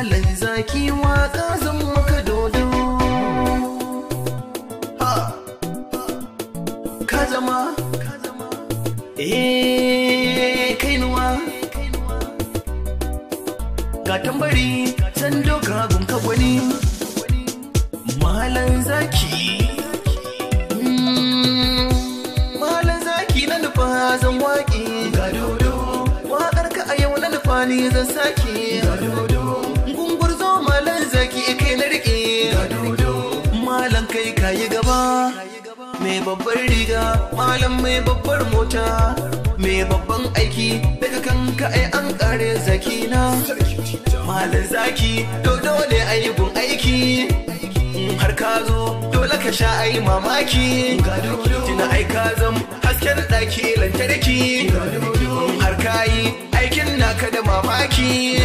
alan zaki waka zan maka dodo ha ka zama eh kainuwa ka tambari can doka ka gwani malan zaki hmm, malan zaki na nufa zan waƙi ga dodo waƙar ka a yau na nufa ne zan sake ga dodo gaba mai babbar riga malam mai babbar mota mai babban aiki daga kanka ai an kare zaki na malam zaki to dole ayi gun aiki har ka zo dole ka sha ayi mamaki tuna ai ka zam hasken daki lantarki har ka yi aikin naka da mamaki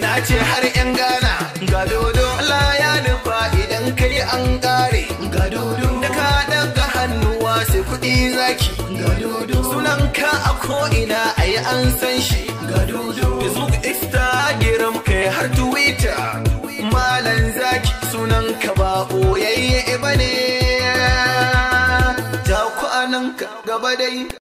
na ce har yan gana ga dodo ya nufa idan kai an kare ga dodo da ka daga hannuwa sai kuɗi zaki ga dodo sunan ka a ko'ina ina ayi an san shi ga dodo facebook instagram kai har twitter malan zaki sunan ka ba oyayye ba ne ja ku gaba dai